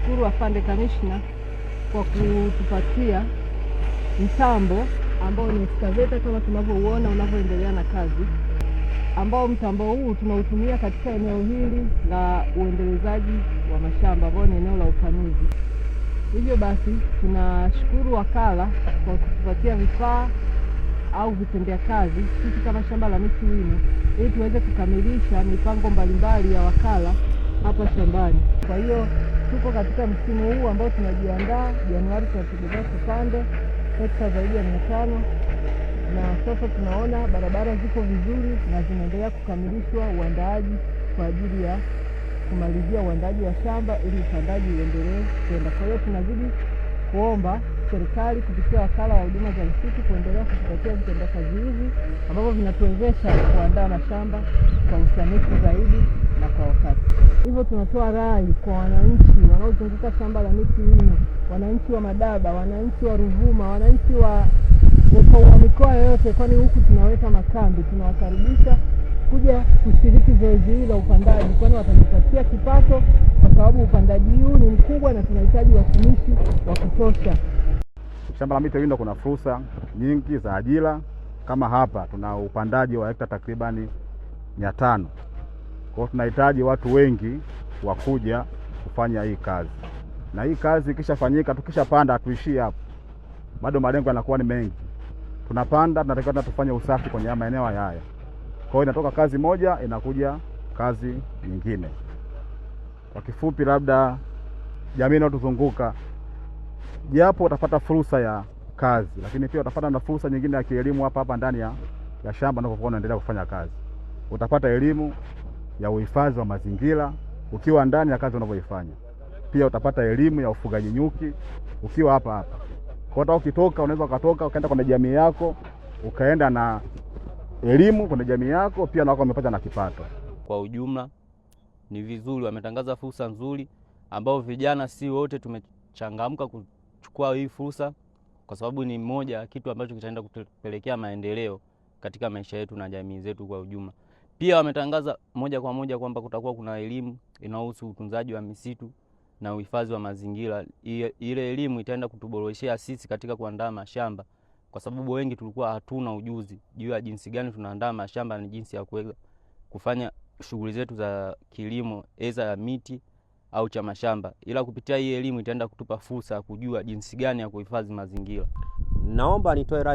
Tunamshukuru afande kamishna kwa kutupatia mtambo ambao ni excavator kama tunavyouona unavyoendelea na kazi, ambao mtambo huu tunautumia katika eneo hili la uendelezaji wa mashamba ambao ni eneo la upanuzi. Hivyo basi tunashukuru wakala kwa kutupatia vifaa au vitendea kazi sisi kama shamba la miti wino, ili tuweze kukamilisha mipango mbalimbali ya wakala hapa shambani. Kwa hiyo tuko katika msimu huu ambao tunajiandaa Januari, tunategemea kupande hekta zaidi ya mia tano na sasa tunaona barabara ziko vizuri na zinaendelea kukamilishwa uandaaji kwa ajili ya kumalizia uandaaji wa shamba ili upandaji uendelee kwenda. Kwa hiyo tunazidi kuomba serikali kupitia wakala wa huduma za misitu kuendelea kutupatia vitendakazi hivi ambavyo vinatuwezesha kuandaa mashamba kwa usanifu zaidi kwa wakati. Hivyo tunatoa rai kwa wananchi wanaozunguka shamba la miti hii, wananchi wa Madaba, wananchi wa Ruvuma, wananchi wa kwa mikoa yoyote, kwani huku tunaweka makambi, tunawakaribisha kuja kushiriki zoezi hili la upandaji, kwani watajipatia kipato kwa sababu upandaji huu ni mkubwa na tunahitaji watumishi wa kutosha. Shamba la miti hili kuna fursa nyingi za ajira, kama hapa tuna upandaji wa hekta takribani mia tano. Kwa tunahitaji watu wengi wakuja kufanya hii kazi, na hii kazi ikishafanyika, tukishapanda hatuishii hapo, bado malengo yanakuwa ni mengi. Tunapanda, tunatakiwa tufanye usafi kwenye maeneo haya. Kwa hiyo inatoka kazi moja inakuja kazi nyingine. Kwa kifupi, labda jamii inayotuzunguka japo utapata fursa ya kazi, lakini pia utapata na fursa nyingine ya kielimu hapa hapa ndani ya shamba unapokuwa unaendelea kufanya kazi, utapata elimu ya uhifadhi wa mazingira ukiwa ndani ya kazi unavyoifanya. Pia utapata elimu ya ufugaji nyuki ukiwa hapa hapa. Kwa hata ukitoka, unaweza ukatoka ukaenda kwenye jamii yako ukaenda na elimu kwenye jamii yako, pia wako wamepata na kipato. Kwa ujumla ni vizuri, wametangaza fursa nzuri ambao vijana si wote tumechangamka kuchukua hii fursa, kwa sababu ni moja kitu ambacho kitaenda kutupelekea maendeleo katika maisha yetu na jamii zetu kwa ujumla. Pia wametangaza moja kwa moja kwamba kutakuwa kuna elimu inayohusu utunzaji wa misitu na uhifadhi wa mazingira. Ile elimu itaenda kutuboreshea sisi katika kuandaa mashamba, kwa sababu wengi tulikuwa hatuna ujuzi juu ya jinsi gani tunaandaa mashamba na jinsi ya kuweza kufanya shughuli zetu za kilimo, eza ya miti au cha mashamba, ila kupitia hii elimu itaenda kutupa fursa ya kujua jinsi gani ya kuhifadhi mazingira. Naomba nitoe